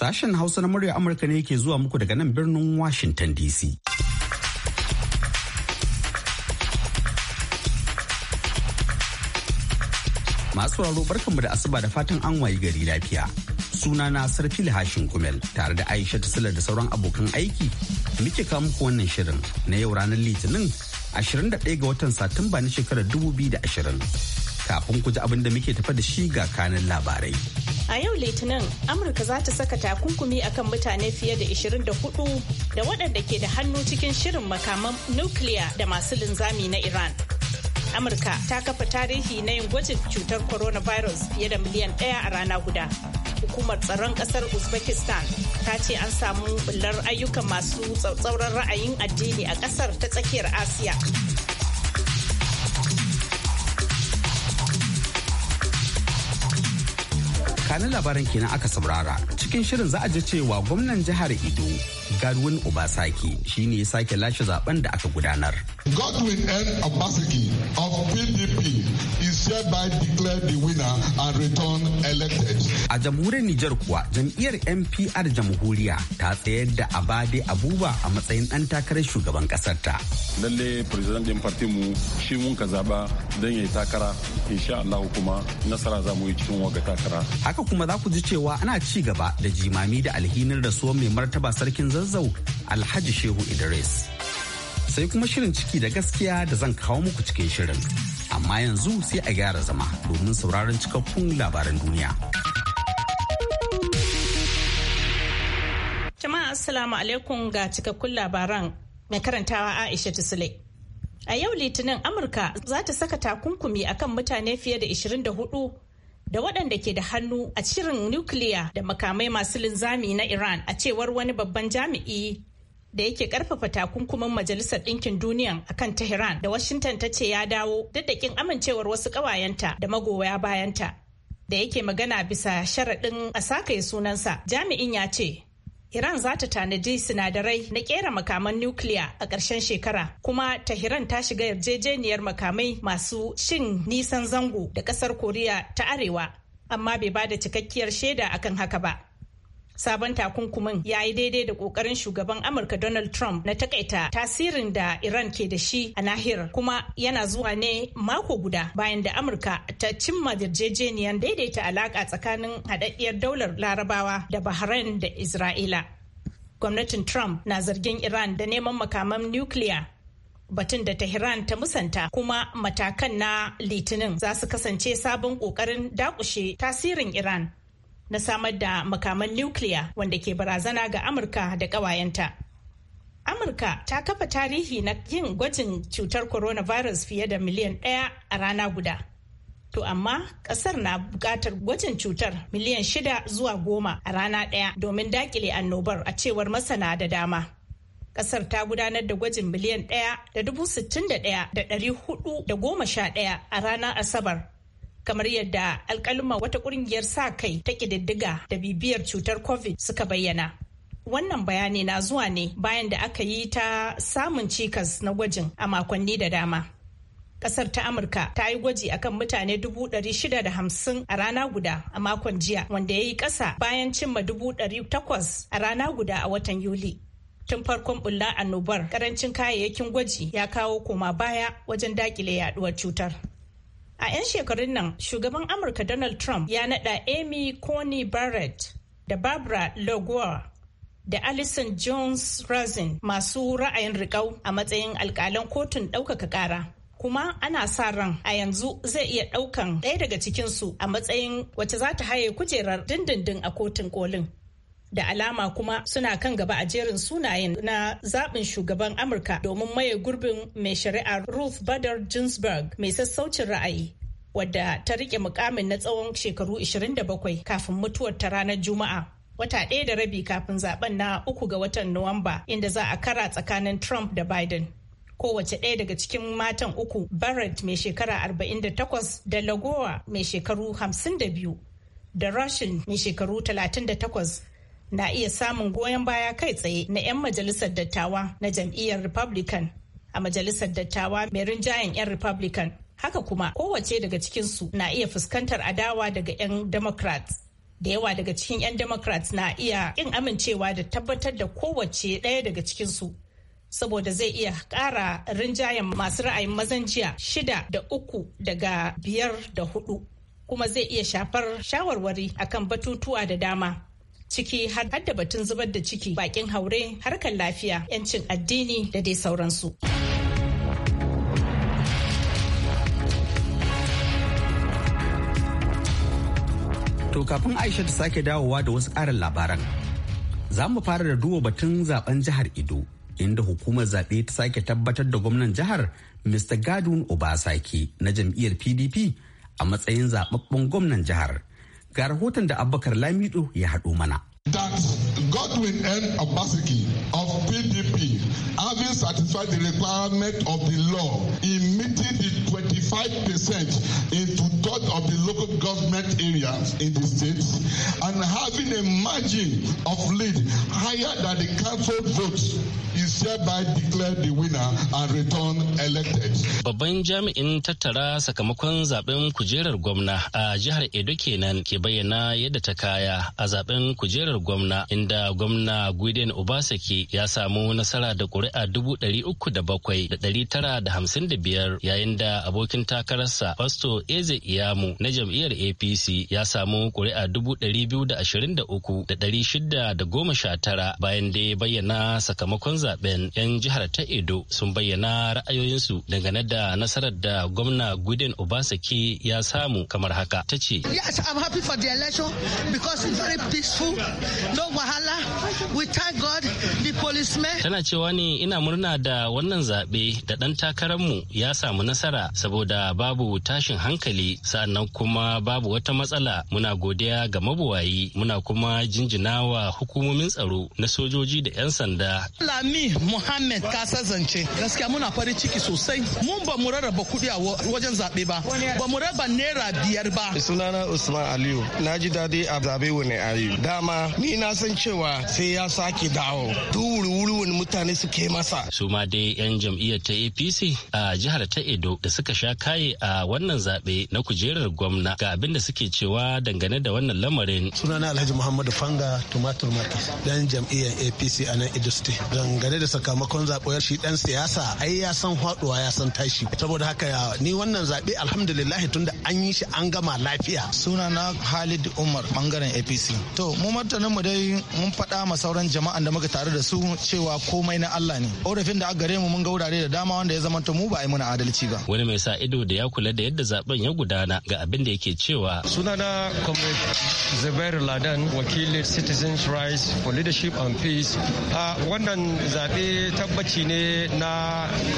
Sashen Hausa na murya Amurka ne ke zuwa muku daga nan birnin Washington DC. Masu raro barkanmu da asuba da fatan an wayi gari lafiya. Suna na Sarfil Hashin Kumel tare da Aisha ta Sula da sauran abokan aiki muke kawo muku wannan shirin na yau ranar Litinin 21 ga watan Satumba na shekarar 2020. Kafin ku ji abin da muke tafa da shi ga kanin labarai. A yau Litinin, Amurka za ta saka takunkumi akan mutane fiye da 24 da waɗanda ke da hannu cikin shirin makaman nukiliya da masu linzami na Iran. Amurka ta kafa tarihi na yin gwajin cutar coronavirus fiye da miliyan ɗaya a rana guda. Hukumar tsaron ƙasar Uzbekistan ta ce an samu bullar ayyukan masu tsautsauran ra'ayin addini a ƙasar ta tsakiyar Asiya. kanin labaran kenan aka saurara cikin shirin za a ji cewa gwamnan jihar ido godwin obasaki shine ya sake lashe zaben da aka gudanar godwin n obasaki of pdp A jamhuriyar Nijar kuwa jam'iyyar NPR jamhuriya ta tsayar da Abade Abuba a matsayin ɗan takarar shugaban ƙasar ta. Lalle president din party mu shi mun ka zaba don yayi takara insha Allah kuma nasara za mu yi cikin waga takara. Haka kuma za ku ji cewa ana ci gaba da jimami da alhinin rasuwar mai martaba sarkin zazzau Alhaji Shehu Idris. Sai kuma shirin ciki da gaskiya da zan kawo muku cikin shirin. amma yanzu sai a gyara zama domin sauraron cikakkun labaran duniya. Jama'a Assalamu alaikum ga cikakkun labaran mai karantawa Aisha Tusule. A yau Litinin Amurka za ta saka takunkumi akan mutane fiye da 24 da waɗanda ke da hannu a shirin nukiliya da makamai masu linzami na Iran a cewar wani babban jami'i da yake karfafa takunkumin majalisar ɗinkin duniyan akan tehran da washington ta ce ya dawo daddakin amincewar wasu ƙawayenta da magoya bayanta da yake magana bisa sharaɗin a sakaye sunansa jami'in ya ce Iran za ta tanadi sinadarai na kera makaman nukiliya a ƙarshen shekara kuma Tahiran ta shiga yarjejeniyar makamai masu shin nisan zango da ƙasar Koriya ta Arewa amma bai ba da cikakkiyar shaida akan haka ba. Sabon takunkumin ya yi daidai da kokarin shugaban Amurka Donald Trump na takaita tasirin da Iran ke da shi a nahiyar kuma yana zuwa ne mako guda bayan da Amurka ta cimma yarjejeniyar daidaita alaka tsakanin haɗaɗɗiyar daular Larabawa da Bahrain da Isra'ila. Gwamnatin Trump na zargin Iran da neman makaman nukiliya batun da Tehran ta musanta kuma matakan na litinin za su kasance sabon kokarin dakushe tasirin Iran na samar da makaman nukiliya wanda ke barazana ga amurka da ƙawayenta amurka ta kafa tarihi na yin gwajin cutar coronavirus fiye da miliyan ɗaya a rana guda To amma kasar na buƙatar gwajin cutar miliyan shida zuwa goma a rana ɗaya domin dakile annobar a cewar masana da dama. Ƙasar ta gudanar da gwajin miliyan ɗaya da dubu sittin da ɗaya da ɗari hudu da goma sha ɗaya a ranar Asabar kamar yadda alkaluma wata kungiyar sa kai ta kididdiga da bibiyar cutar covid suka bayyana wannan bayani na zuwa ne bayan da aka yi ta samun cikas na gwajin a makonni da dama kasar ta amurka ta yi gwaji akan mutane 650 a rana guda a makon jiya wanda ya yi kasa bayan cimma 800 a rana guda a watan yuli tun farkon bulla annobar karancin kayayyakin gwaji ya kawo koma baya wajen dakile yaduwar cutar A 'yan shekarun nan, shugaban Amurka Donald Trump ya naɗa Amy Coney Barrett da Barbara Lagoa da Alison Jones Rosen masu ra'ayin riƙau a matsayin alƙalan kotun ɗaukaka ƙara. kuma ana sa ran a yanzu zai iya ɗaukan ɗaya daga cikinsu a matsayin wacce za ta haye kujerar dindindin a kotun kolin. da alama kuma suna kan gaba a jerin sunayen na zaɓin shugaban amurka domin maye gurbin mai shari'a ruth bader ginsburg mai sassaucin ra'ayi wadda ta rike mukamin na tsawon shekaru 27 kafin mutuwar ta ranar juma'a wata ɗaya da rabi kafin zaben na uku ga watan nuwamba inda za a kara tsakanin trump da biden kowace ɗaya daga cikin matan uku barrett mai shekara 48 da lagowa mai shekaru 52 da russian mai shekaru 38 na iya samun goyon baya kai tsaye na 'yan majalisar dattawa na jam'iyyar Republican a majalisar dattawa mai rinjayen 'yan Republican. Haka kuma kowace daga cikinsu na iya fuskantar adawa daga 'yan Democrats. da yawa daga cikin 'yan democrats na iya kin amincewa da tabbatar da kowace ɗaya daga cikinsu saboda zai iya ƙara rinjayen masu ra'ayin mazan jiya shida da uku daga biyar da hudu kuma zai iya shafar shawarwari akan batutuwa da dama ciki har da batun zubar da ciki bakin haure harkar lafiya 'yancin addini da dai sauransu. To kafin Aisha ta sake dawowa da wasu ƙarin labaran. Za mu fara da duba batun zaben jihar Ido, inda hukumar zaɓe ta sake tabbatar da gwamnan jihar Mr. Gadun Obasaki na jam'iyyar PDP a matsayin zaɓaɓɓen gwamnan jihar ga rahoton da abubakar lamido ya haɗo mana that Godwin N. Obaseki of PDP, having satisfied the requirement of the law in meeting the 25% in two-thirds of the local government areas in the state, and having a margin of lead higher than the council votes is thereby declare the winner and return elected. Babban jami'in tattara sakamakon zaben kujerar gwamna a jihar Edo kenan ke bayyana yadda ta kaya a zaben kujerar gwamna inda gwamna Guden Obaseki ya samu nasara da kuri'a dubu ɗari uku da bakwai da ɗari tara da hamsin da biyar yayin da abokin takararsa Pasto Eze Iyamu na jam'iyyar APC ya samu kuri'a dubu ɗari biyu da ashirin da uku da ɗari shida da goma sha tara bayan da ya bayyana sakamakon zaben Gomben 'yan jihar ta Edo sun bayyana ra'ayoyinsu dangane da nasarar da gwamna gudin Obasaki ya samu kamar haka ta ce. Yes, I'm happy for the election because it's very peaceful, no wahala. We thank God, the policemen. Tana cewa ne ina murna da wannan zaɓe da ɗan takararmu ya samu nasara saboda babu tashin hankali sa'annan kuma babu wata matsala muna godiya ga mabuwayi muna kuma jinjinawa hukumomin tsaro na sojoji da 'yan sanda. Muhammad Kasa Zance. Gaskiya muna farin ciki sosai. Mun ba mu rarraba kuɗi a wajen zaɓe ba. Ba mu raba naira biyar ba. Sunana Usman Aliyu. Naji ji daɗi a zaɓe wani ayi. Dama ni na san cewa sai ya sake dawo. Duk wuri wani mutane suke masa. Su ma dai 'yan jam'iyyar ta APC a jihar ta Edo da suka sha kaye a wannan zaɓe na kujerar gwamna ga abin da suke cewa dangane da wannan lamarin. Sunana Alhaji Muhammadu Fanga Tumatur Market dan jam'iyyar APC a nan Edo State. Dangane da sakamakon zaɓe shi dan siyasa ai ya san haɗuwa ya san tashi saboda haka ni wannan zaɓe alhamdulillah tunda an yi shi an gama lafiya suna na Khalid Umar bangaren APC to mu martanin mu dai mun faɗa ma sauran jama'an da muka tare da su cewa komai na Allah ne orafin da aka gare mu mun ga wurare da dama wanda ya zamanta mu ba a yi muna adalci ba wani mai sa ido da ya kula da yadda zaben ya gudana ga abin da yake cewa sunana comrade Zubair Ladan wakilin Citizens Rights for Leadership and Peace a wannan zaɓe zaɓe tabbaci ne na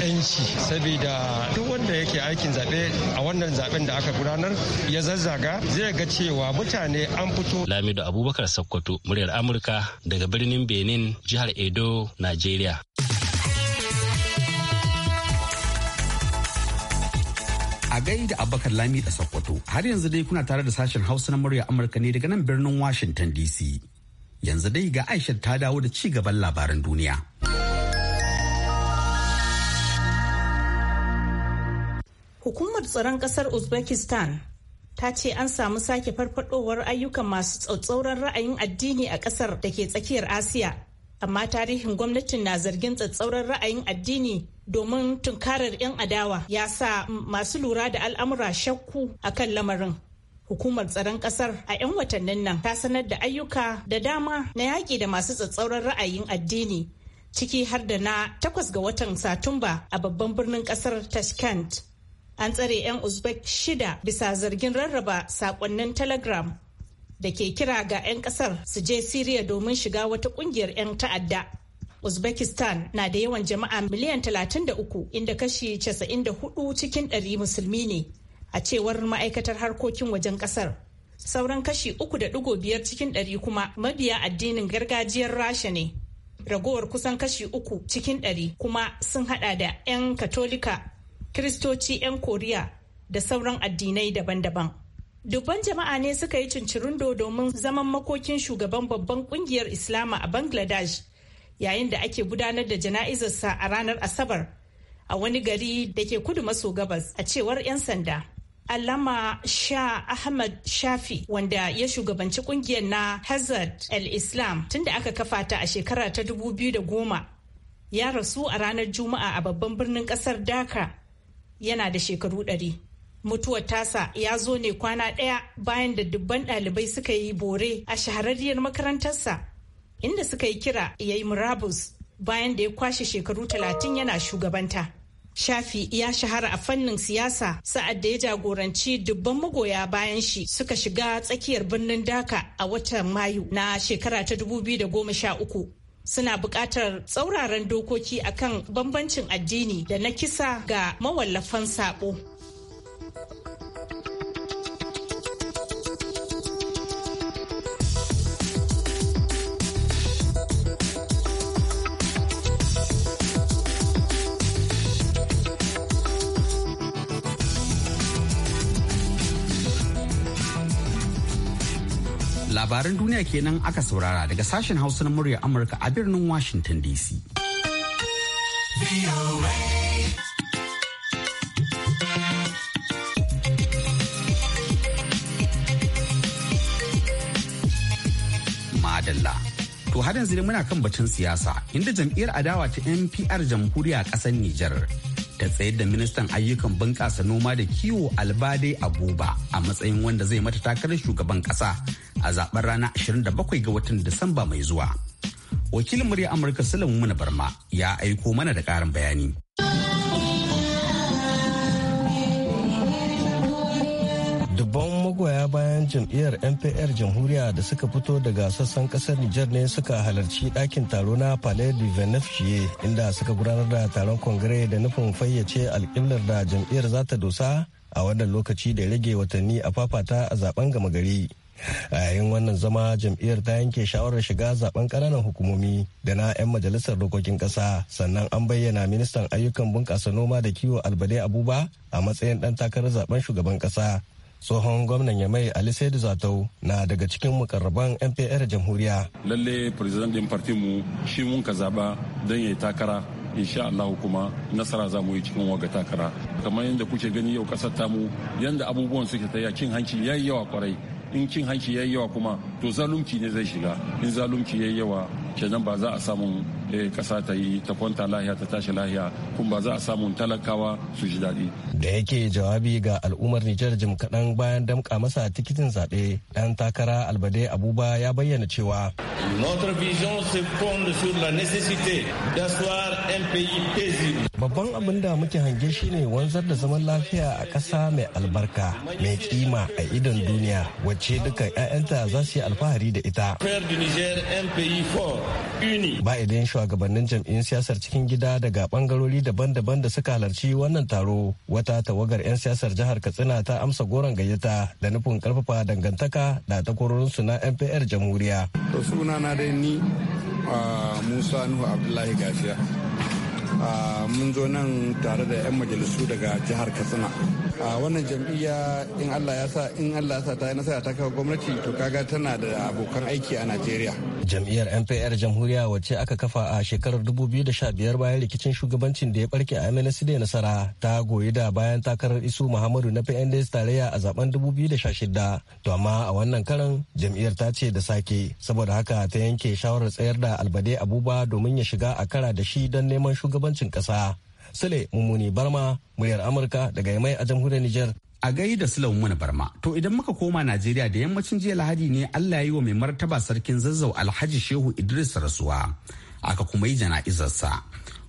'yanci saboda duk wanda yake aikin zaɓe a wannan zaɓen da aka gudanar ya zazzaga zai ga cewa mutane an fito. Lamido Abubakar Sokoto muryar Amurka daga birnin Benin jihar Edo, Najeriya. a gaida abakar lami da sokoto har yanzu dai kuna tare da sashen hausa na murya amurka ne daga nan birnin washington dc yanzu dai ga aisha ta dawo da ci gaban labaran duniya. Hukumar tsaron ƙasar Uzbekistan ta ce an samu sake farfadowar ayyukan masu tsautsauran ra'ayin addini a ƙasar da ke tsakiyar Asiya. Amma tarihin gwamnatin na zargin tsatsauran ra'ayin addini domin tunkarar 'yan adawa ya sa masu lura da al'amura shakku a kan lamarin. hukumar tsaron ƙasar a 'yan watannin nan ta sanar da ayyuka da dama na yaƙi da masu tsatsauran ra'ayin addini ciki har da na takwas ga watan satumba a babban birnin ƙasar tashkent an tsare 'yan uzbek shida bisa zargin rarraba sakonnin telegram da ke kira ga 'yan kasar su je siriya domin shiga wata kungiyar 'yan ta'adda uzbekistan na da yawan jama'a miliyan 33 inda kashi 94 cikin 100 musulmi ne a cewar ma'aikatar harkokin wajen kasar sauran kashi 3.5 cikin 100 kuma mabiya addinin gargajiyar rasha ne ragowar kusan kashi uku cikin ɗari kuma sun hada da 'yan katolika Kiristoci 'yan Koriya da sauran addinai daban-daban. Dubban jama'a ne suka yi cincirindo domin zaman makokin shugaban babban kungiyar Islama a Bangladesh yayin da ake gudanar da jana'izarsa a ranar Asabar a wani gari da ke kudu maso gabas a cewar 'yan sanda. Allama Shah Ahmad Shafi wanda ya shugabanci kungiyar na Hazard al-Islam tunda aka kafa ta a shekara ta 2010 ya rasu a ranar Juma'a a babban birnin kasar Dhaka yana da shekaru ɗari. Mutuwar tasa ya zo ne kwana ɗaya bayan da dubban ɗalibai suka yi bore a shahararriyar makarantarsa inda suka yi kira ya yi murabus bayan da ya kwashe shekaru talatin yana shugabanta. Shafi ya shahara a fannin siyasa sa'ad da ya jagoranci dubban magoya bayan shi suka shiga tsakiyar birnin daka a watan Mayu na shekara ta 2013 suna buƙatar tsauraran dokoki akan bambancin addini da na kisa ga mawallafan saɓo. labaran duniya kenan aka saurara daga sashen hausa na muryar amurka a birnin washington dc madalla to har yanzu muna kan batun siyasa inda jam'iyyar adawa ta npr jamhuriya kasar nijar ta tsayar da ministan ayyukan bunƙasa noma da kiwo albade abuba a matsayin wanda zai mata takarar shugaban ƙasa a zaben ranar 27 ga watan Disamba mai zuwa. Wakilin murya Amurka Sulaimu Muna Barma ya aiko mana da ƙarin bayani. Dubban magoya bayan jam'iyyar NPR jamhuriya da suka fito daga sassan kasar Nijar ne suka halarci ɗakin taro na Palais du inda suka gudanar da taron kongire da nufin fayyace alƙiblar da jam'iyyar za ta dosa a wannan lokaci da rage watanni a fafata a zaben gama gari a yayin wannan zama jam'iyyar ta yanke shawarar shiga zaben kananan hukumomi da na 'yan majalisar dokokin ƙasa sannan an bayyana ministan ayyukan bunƙasa noma da kiwo albade abuba a matsayin ɗan takarar zaben shugaban ƙasa tsohon gwamnan yamai ali saidu zatau na daga cikin mukarraban mpr jamhuriya lalle president din mu shi mun ka zaba don ya takara insha Allah kuma nasara za mu yi cikin waga takara kamar yadda kuke gani yau kasar tamu yadda abubuwan suke ta yakin hanci ya yi yawa kwarai in cin hanci yayi yawa kuma to zalunci ne zai shiga in zalunci yayi yawa kenan ba za a samu kasa eh, ta yi ta kwanta lahiya ta tashi lahiya kuma ba za a samu talakawa su ji daɗi. da yake jawabi ga al'ummar nijar jim kaɗan bayan damƙa masa tikitin zaɓe ɗan takara albade abuba ya bayyana cewa. notre vision se fonde sur la nécessité d'asseoir un pays paisible. babban abin da muke hange shine wanzar da zaman lafiya a ƙasa mai albarka mai kima a idon duniya wacce ce dukkan 'ya'yanta za su yi alfahari da ita. Ba idan shugabannin jam'in siyasar cikin gida daga bangarori daban-daban da suka halarci wannan taro wata tawagar 'yan siyasar jihar Katsina ta amsa goron gayyata da nufin karfafa dangantaka da takwarorinsu na NPR jamhuriya. Da sunana dai ni ah, Musa Nuhu Abdullahi Gafiya. mun zo nan tare da 'yan majalisu daga jihar katsina a wannan jam'iyya in allah ya sa in allah ya sa ta yi nasara ta kawo gwamnati to kaga tana da abokan aiki a najeriya jam'iyyar npr jamhuriya wacce aka kafa a shekarar 2015 bayan rikicin shugabancin da ya barke a da nasara ta goyi da bayan takarar isu muhammadu na pnds tarayya a zaben 2016 to amma a wannan karan jam'iyyar ta ce da sake saboda haka ta yanke shawarar tsayar da albade abuba domin ya shiga a kara da shi don neman shugaban shugabancin ƙasa. Sule Mummuni Barma, muryar Amurka daga Yamai a jamhuriyar Nijar. A gai da Sule Mummuni Barma, to idan muka koma Najeriya da yammacin jiya Lahadi ne Allah ya yi wa mai martaba sarkin zazzau Alhaji Shehu Idris rasuwa. Aka kuma yi jana'izarsa.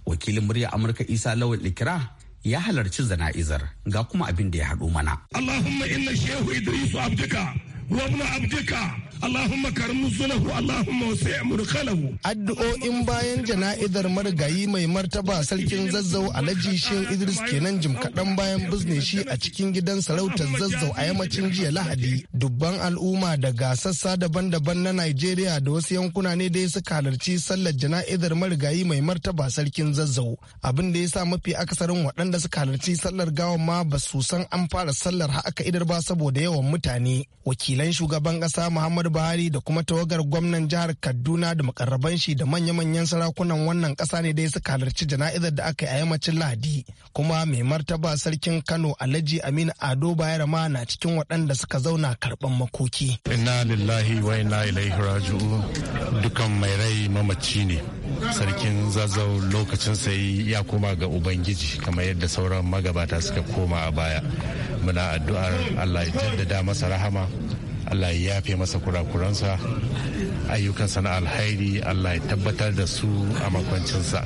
Wakilin muryar Amurka Isa Lawal Ikira ya halarci jana'izar ga kuma abin da ya haɗo mana. Allahumma inna shehu Idris abdika wa abdika Allahumma karim sulahu Allahumma wasi' murkalahu addu'o'in bayan jana'izar marigayi mai martaba sarkin zazzau Alhaji Shehu Idris kenan jim kaɗan bayan bizne shi a cikin gidan sarautar zazzau a yammacin jiya Lahadi dubban al'umma daga sassa daban-daban na Najeriya da wasu yankuna ne dai suka halarci sallar jana'izar marigayi mai martaba sarkin zazzau abin da ya sa mafi akasarin waɗanda suka halarci sallar gawan ma ba su san an fara sallar aka idar ba saboda yawan mutane wakilan shugaban ƙasa Muhammadu Buhari da kuma tawagar gwamnan jihar Kaduna da makarraban shi da manya-manyan sarakunan wannan ƙasa ne dai suka halarci jana'izar da aka yi a yammacin Lahadi. Kuma mai martaba sarkin Kano Alhaji Aminu Ado bayarama na cikin waɗanda suka zauna karɓan makoki. Inna lillahi wa inna ilaihi raji'u dukan mai rai mamaci ne. sarkin zazzau lokacin sai ya koma ga ubangiji kamar yadda sauran magabata suka koma a baya muna addu'ar allah ya jaddada masa rahama allah ya yafe masa kurakuransa ayyukansa na alhairi allah ya tabbatar da su a makwancinsa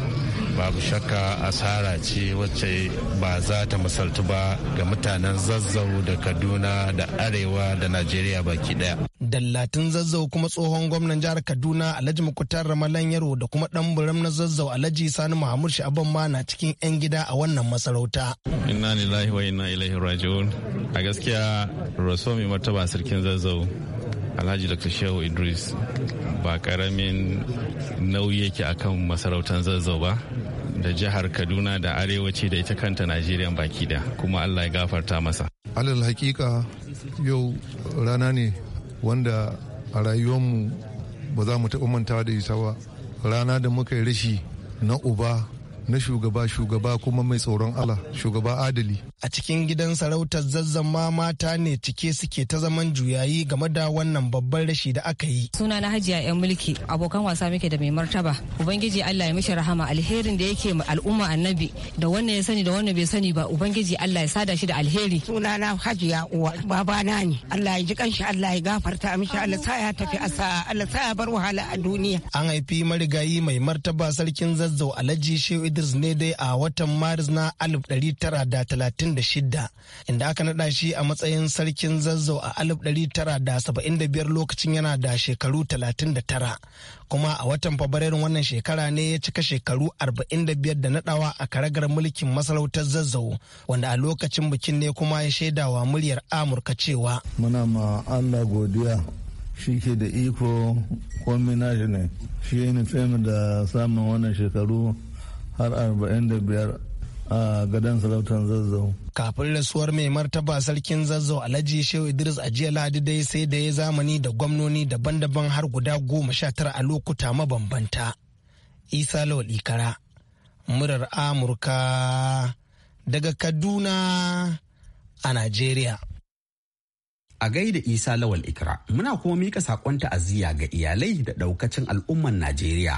babu shakka asara ce wacce ba za ta misaltu ba ga mutanen zazzau da kaduna da arewa da najeriya baki daya dallatin zazzau kuma tsohon gwamnan jihar kaduna alhaji mukutar ramalan yaro da kuma dan buram na zazzau alhaji sani mahamud sha'aban ma na cikin yan gida a wannan masarauta inna lillahi wa inna ilaihi raji'un a gaskiya raso mai martaba sarkin zazzau alhaji dr shehu idris ba karamin nauyi yake akan masarautar zazzau ba da jihar kaduna da arewaci da ita kanta najeriya baki da kuma allah ya gafarta masa alal hakika yau rana ne wanda a rayuwarmu ba za mu taɓa mantawa da isa ba rana da muka yi rashi na uba na shugaba shugaba kuma mai tsoron Allah shugaba adali. A cikin gidan sarautar zazzama mata ne cike suke ta zaman juyayi game da wannan babban rashi da aka yi. Suna na hajiya 'yan mulki abokan wasa muke da mai martaba. Ubangiji Allah ya mishi rahama alherin da yake ma al'umma annabi da wannan ya sani da wannan bai sani ba Ubangiji Allah ya sada shi da alheri. Suna na hajiya uwa babana ne Allah ya ji kanshi Allah ya gafarta mishi Allah sa ya tafi asa Allah sa ya bar wahala a duniya. An haifi marigayi mai martaba sarkin zazzau Alhaji Shehu Idris ne dai a watan Maris na 1936 inda aka naɗa shi a matsayin sarkin zazzau a 1975 lokacin yana da shekaru 39 kuma a watan Fabrairun wannan shekara ne ya cika shekaru 45 da naɗawa a karagar mulkin masarautar zazzau wanda a lokacin bikin ne kuma ya wa muryar Amurka cewa. Muna ma Allah godiya shi ke da iko komi ne shi ne da samun wannan shekaru har 45 a gadon sarautar zazzau. Kafin rasuwar mai martaba sarkin zazzau Alhaji Shehu Idris a jiya dai sai da ya zamani da gwamnoni daban-daban har guda goma sha tara a lokuta mabambanta. Isa Lawal Ikara, murar Amurka daga Kaduna a Najeriya. a gaida isa lawal ikara muna kuma mika sakon ta'aziyya ga iyalai da ɗaukacin al'umman najeriya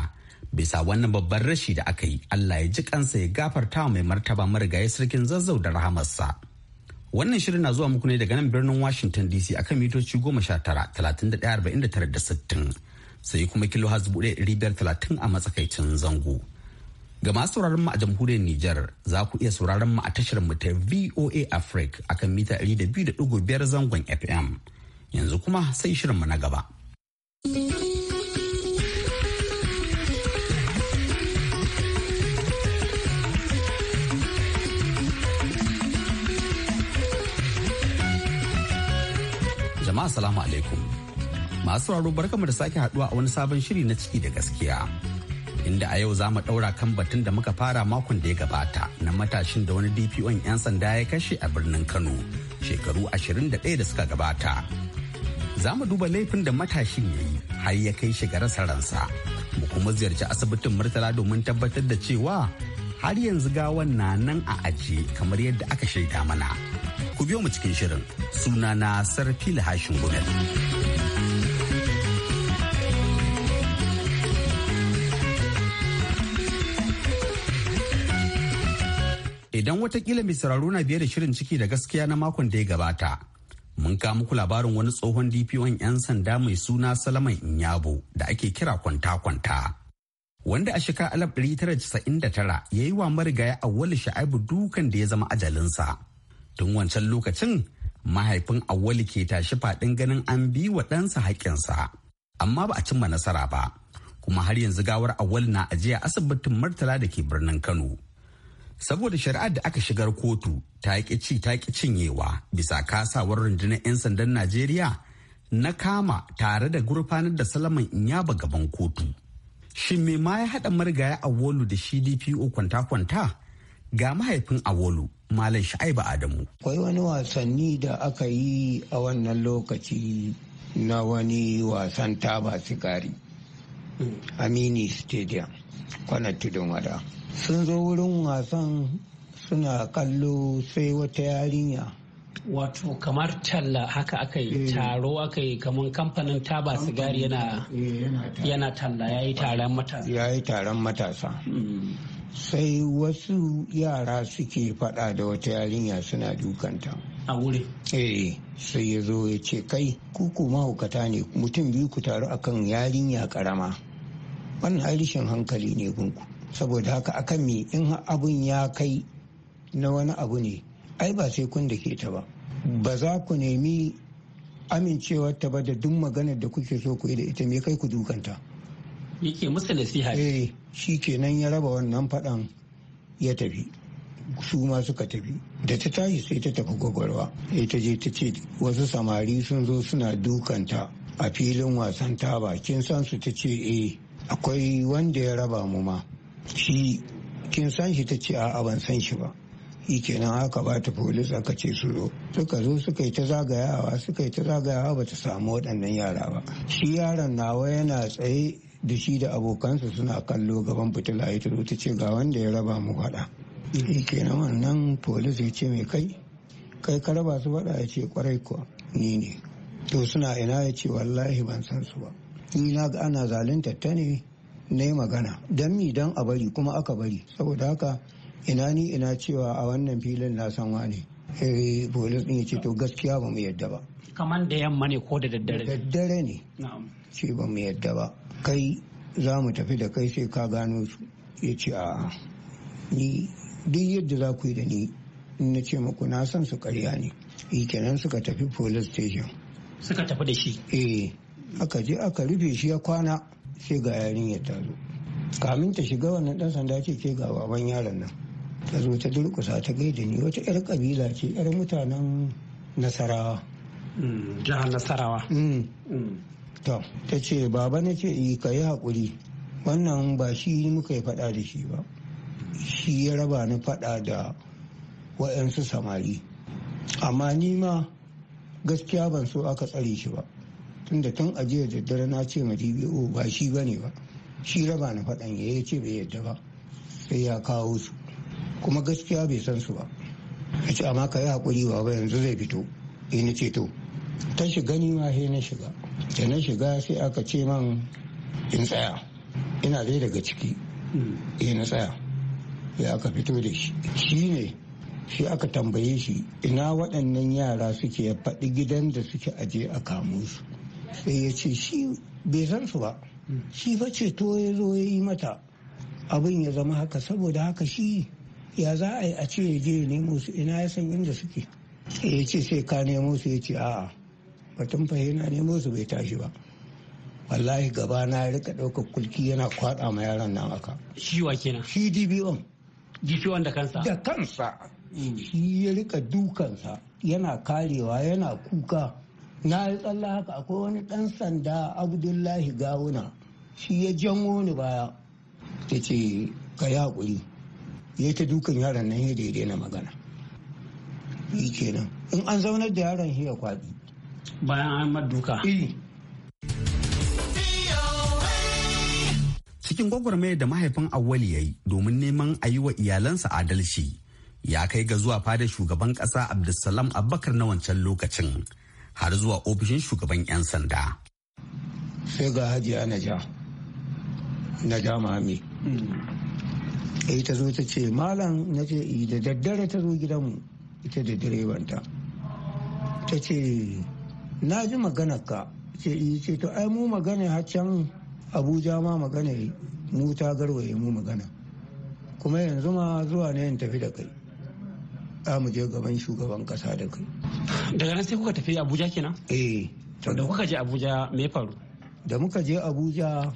bisa wannan babban rashi da aka yi allah ya ji kansa ya gafarta mai martaba marigayi sarkin zazzau da rahamarsa wannan shirin na zuwa muku ne daga nan birnin washington dc akan mitoci goma sha tara talatin da ɗaya arba'in da tara da sittin sai kuma kilo hasbu buɗe ɗari biyar talatin a matsakaicin zango Ga masu sauraron mu a jamhuriyar Nijar za ku iya sauraron mu a tashar mu ta VOA Africa akan mita 200.5 zangon FM. Yanzu kuma sai shirin mu na gaba. Jama'a salamu alaikum. Masu sauraro barkamu da sake haduwa a wani sabon shiri na ciki da gaskiya. Inda a yau za mu daura kan batun da muka fara makon da ya gabata na matashin da wani DPO'n 'yan sanda ya kashe a birnin Kano shekaru 21 da suka gabata. Za mu duba laifin da matashin ya yi har ya kai shiga rasa ransa. Mu kuma ziyarci asibitin Murtala domin tabbatar da cewa har yanzu gawan na nan a ajiye kamar yadda aka shaida mana ku biyo mu cikin shirin Suna sarfi da hashin gumel. idan watakila mai sauraro na biyar da shirin ciki da gaskiya na makon da ya gabata mun ka muku labarin wani tsohon dpon 'yan sanda mai suna salaman inyabo da ake kira kwanta-kwanta wanda a shekarar 1999 ya yi wa marigaya a wali sha'ibu dukan da ya zama ajalinsa tun wancan lokacin mahaifin awwali ke tashi faɗin ganin an bi wa ɗansa haƙƙinsa amma ba a cimma nasara ba kuma har yanzu gawar awwal na ajiya asibitin murtala da ke birnin kano saboda shari'ar da aka shigar kotu ta ƙi ci ta ƙi cinyewa bisa kasawar rundunar 'yan sandan najeriya na kama tare da gurfanar da salaman inyaba gaban kotu shin me ma ya haɗa marigaya awolu da shi dpo kwanta-kwanta ga mahaifin awolu Malam Sha'iba Adamu. Akwai wani wasanni da aka yi a wannan lokaci na wani wasan taba sigari. Amini Stadium, kwanan tudun wada. Sun zo wurin wasan suna kallo sai wata yarinya. Wato kamar talla haka aka yi eh. taro aka yi kamar kamfanin taba sigari eh, yana talla Ya yi taron matasa. Mm. sai wasu yara suke faɗa da wata yarinya suna dukanta a wuri? eh sai ya zo ya ce kai kuku mahaukata ne mutum biyu ku taru akan yarinya karama wannan airishin hankali ne gunku saboda haka akan me in abun ya kai na wani abu ne ai ba sai kun da ke ta ba ba za ku nemi amincewar ta ba da duk maganar da kuke so ku yi da ita me kai ku dukanta yake musu nasiha eh shi kenan ya raba wannan faɗan ya tafi su ma suka tafi da ta tashi sai ta tafi gwagwarwa sai ta je ta ce wasu samari sun zo suna dukanta a filin wasan taba kin san su ta ce eh akwai wanda ya raba mu ma shi kin san shi ta ce a ban san shi ba shi kenan haka ba ta polis aka ce su zo suka zo suka yi ta zagayawa suka yi ta zagayawa ba ta samu waɗannan yara ba shi yaron nawa yana tsaye da shi da abokansa suna kallo gaban fitila ya turo ta ce ga wanda ya raba mu faɗa kenan wannan polis ya ce mai kai kai ka raba su faɗa ya ce kwarai ko ni ne to suna ina ya ce wallahi ban san su ba ni na ga ana zalunta ta ne na yi magana don mi don a bari kuma aka bari saboda haka ina ni ina cewa a wannan filin na san wane eh, polis ɗin ya ce to gaskiya ba mu yadda ba kamar da yamma ne ko da daddare daddare ne ce ba mu yadda ba kai za mu tafi da kai sai ka gano su ya ce a ni duk yadda za ku yi da ni na ce muku na san su karya ne yi kenan suka tafi police station suka tafi da shi eh aka je aka rufe shi ya kwana sai ga yarinyar ya taro kamin ta shiga wannan dan sanda ce ke ga baban yaron nan ta zo ta durkusa ta gaida ni wata yar kabila ce yar mutanen nasarawa hmm, jihar nasarawa hmm. Hmm. to ta ce baba na ce eh, ka yi haƙuri wannan ba shi muka yi faɗa da shi ba shi ya raba ni faɗa da wa'yansu samari amma ni ma gaskiya ban so aka tsare shi ba tunda tun a jiya daddare na ce ma DBO ba shi ba ne ba shi raba ni faɗan ya ce bai yadda ba sai ya kawo su kuma gaskiya bai san su ba ya ce amma ka yi haƙuri ba yanzu zai fito ya ce to ta shiga ni ma sai na shiga da na shiga sai aka ce man in tsaya ina dai daga ciki hmm. eh na tsaya ya aka fito da shi shi ne shi aka tambaye shi ina waɗannan yara suke ya faɗi gidan da suke aje a kamo su sai ya ce shi bai san su ba hmm. shi fa ceto ya zo ya yi mata abin ya zama haka saboda haka shi ya za a yi a ce ya je ya nemo su ina ya san inda suke sai ya ce sai ka nemo su ya ce a'a fatin yana nemo su bai tashi ba wallahi gaba na ya rika ɗaukar kulki yana kwaɗa ma yaran nan aka shi wa kenan shi dbo da kansa da kansa mm. shi ya rika dukansa yana karewa yana kuka na yi tsalla haka akwai wani ɗan sanda abdullahi gawuna shi ya janwo ni baya ta ce ka yi ƙuri ya ta dukan yaran nan ya daidai na magana yi kenan in an zaunar da yaron shi ya kwaɗi bayan Ahmad duka. Cikin gwagwarmaya da mahaifin Awali ya yi domin neman a yi wa iyalansa adalci ya kai ga zuwa fada shugaban ƙasa Abdulsalam Abubakar na wancan lokacin har zuwa ofishin shugaban 'yan sanda. Sai ga Hajiya Naja, Naja Mami. Hmm. Sai ta zo ta ce, Malam na ce, da daddare ta zo gidanmu ita da direbanta. Ta ce, na ji maganar ka ce yi eh, ce to ai mu magana har can abuja ma magana mu ta garwaye mu magana kuma yanzu ma zuwa ne in tafi da kai za mu je gaban shugaban kasa da kai daga nan sai kuka tafi abuja kenan eh to da kuka je abuja me faru da muka je abuja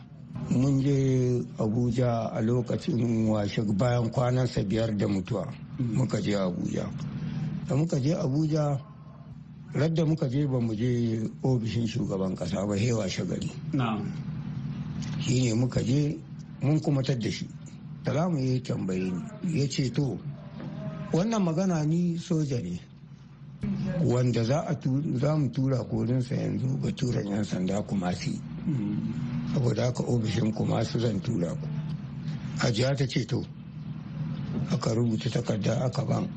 mun je abuja a lokacin washe bayan kwanansa biyar da mutuwa mm. muka je abuja da muka je abuja radda muka je ba mu je ofishin shugaban kasa ba hewa shagari shi ne muka je mun kuma tadda shi talamu ya tambaye ni ya ce to wannan magana ni soja ne wanda za mu tura korinsa yanzu ga turan yan sanda su saboda haka ofishin kumasi zan tura ku hajiya ta ce to aka rubuta takarda aka ban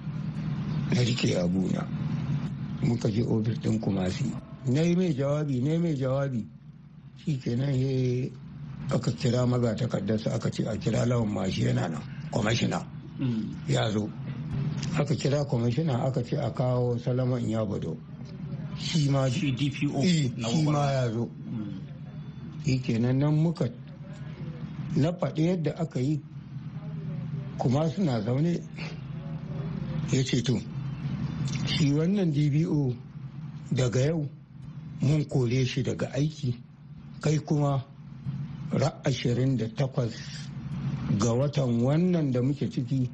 na rike abuna muka je ofis ɗin kumasi na yi mai jawabi na yi mai jawabi shi kenan he aka kira maza takardarsa aka ce a kira lawan mashi yana nan kwamashina mm. ya zo aka kira kwamishina aka ce a kawo salaman ya bado shi ma dpo eh, shi ma ya zo mm. shi kenan nan muka na faɗi yadda aka yi kuma suna zaune ya ce to shi wannan dbo daga yau mun kore shi daga aiki kai kuma ra 28 ga watan wannan da muke ciki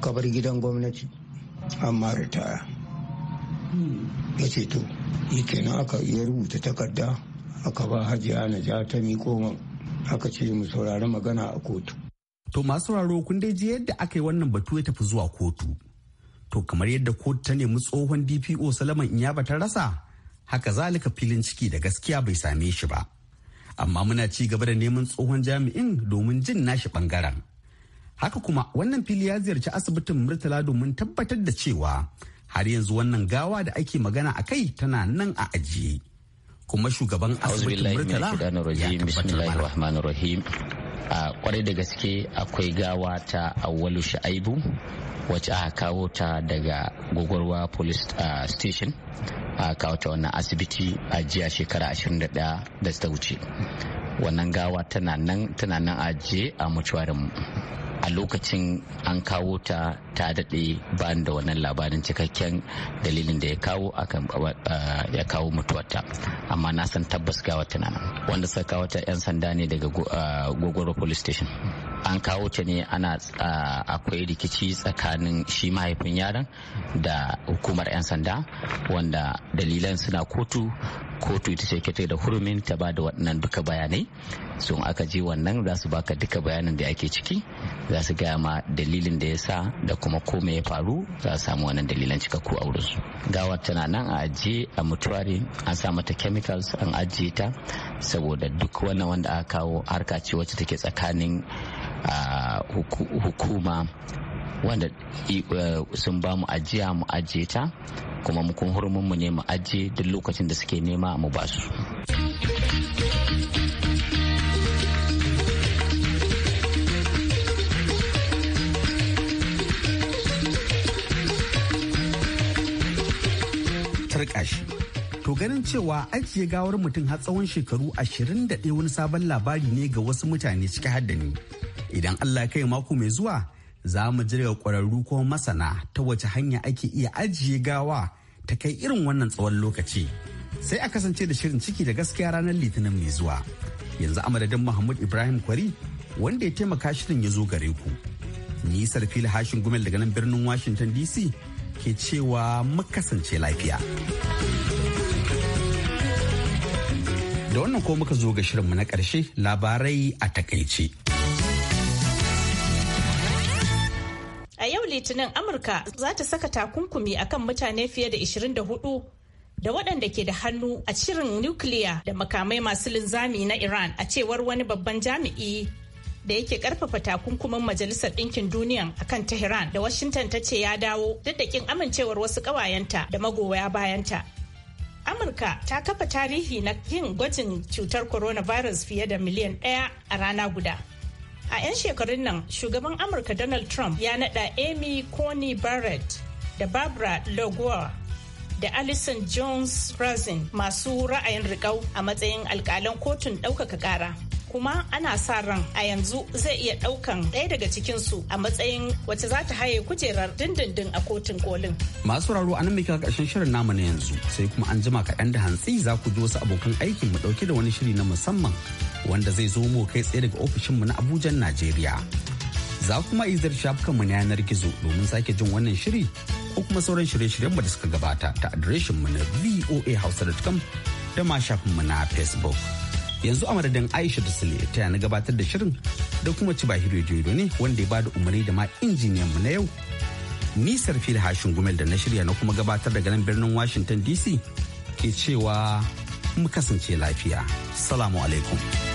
kabar gidan gwamnati amma ritaya ya ce to kenan aka iya rubuta takarda aka ba hajiya na ja ta miko aka ce mu saurari magana a kotu to masu sauraro kun dai ji yadda aka yi wannan batu ya tafi zuwa kotu to kamar yadda kotu ta nemi tsohon dpo salaman in ya ta rasa haka zalika filin ciki da gaskiya bai same shi ba amma muna ci gaba da neman tsohon jami'in domin jin nashi bangaren haka kuma wannan fili ya ziyarci asibitin murtala domin tabbatar da cewa har yanzu wannan gawa da ake magana a kai tana nan a ajiye kuma shugaban asibitin murtala ya tabbatar a kwarai da gaske akwai gawa ta awalu sha'aibu wacce aka kawo ta daga gogorwa police station a kawo ta wannan asibiti a jiya shekara 21 da ta wuce wannan gawa tana nan ajiye a mutuwarin a lokacin an kawo ta ta daɗe ba da wannan labarin cikakken dalilin da ya kawo akan eh, ya kawo mutuwarta amma na san tabbas gawa tana nan wanda suka kawo ta 'yan sanda ne daga eh, gogoro police station an kawo ta ne ana eh, akwai rikici tsakanin shi mahaifin yaran da hukumar 'yan sanda wanda dalilan suna kotu kotu ita ce ke da hurumin ta ba da waɗannan duka bayanai sun aka je wannan za su baka duka bayanan da ake ciki za su gaya ma dalilin da ya sa da kuma ko ya faru za su samu wannan dalilan cikakku a wurin su gawar tana nan a ajiye a mutuwari an sa mata chemicals an ajiye ta saboda duk wannan wanda aka kawo harka ce wacce take tsakanin hukuma wanda eh, sun ba mu ajiya mu ajiye ta kuma mu kun hurumin mu ne mu ajiye duk lokacin da suke nema mu ba su To ganin cewa ajiye gawar mutum har tsawon shekaru ashirin da ɗaya wani sabon labari ne ga wasu mutane ciki haddani. Idan Allah kai mako mai zuwa za mu jirga ƙwararru ko masana ta wace hanya ake iya ajiye gawa ta kai irin wannan tsawon lokaci sai a kasance da shirin ciki da gaskiya ranar litinin mai zuwa yanzu amadadin mahmud ibrahim kwari wanda ya taimaka shirin ya zo gare ku Nisar sarfil hashin gumel daga nan birnin washington dc ke cewa makasance lafiya da wannan ko muka zo ga shirinmu na ƙarshe labarai a takaice. litinin amurka za ta saka takunkumi akan mutane fiye da 24 da waɗanda ke da hannu a shirin nukiliya da makamai masu linzami na iran a cewar wani babban jami'i da yake karfafa takunkumin majalisar ɗinkin duniya akan tehran da washington ta ce ya dawo daddakin amincewar wasu ƙawayenta da magoya bayanta amurka ta kafa tarihi na yin gwajin cutar coronavirus fiye da miliyan ɗaya a rana guda A 'yan shekarun nan, shugaban Amurka Donald Trump ya naɗa Amy Coney Barrett da Barbara Lagoa da Alison Jones Rosen masu ra'ayin riƙau a matsayin alƙalan kotun ɗaukaka ƙara. kuma ana sa ran a yanzu zai iya daukan ɗaya daga cikinsu a matsayin wacce za ta haye kujerar dindindin a kotun kolin. Masu raro anan mika karshen shirin namu na yanzu sai kuma an jima kaɗan da hantsi za ku ji wasu abokan aikin mu ɗauke da wani shiri na musamman wanda zai zo mu kai tsaye daga ofishinmu na Abuja, Najeriya. Za kuma izar mu na yanar gizo domin sake jin wannan shiri ko kuma sauran shirye-shiryen da suka gabata ta adireshinmu na voa voahausa.com da ma shafinmu na Facebook. yanzu a madadin aisha da sule ta yana gabatar da shirin da kuma ci bahiru jodo ne wanda ya bada umarni da ma injiniyan mu na yau nisar fil hashin gumel da na shirya na kuma gabatar daga nan birnin washington dc ke cewa mu kasance lafiya salamu alaikum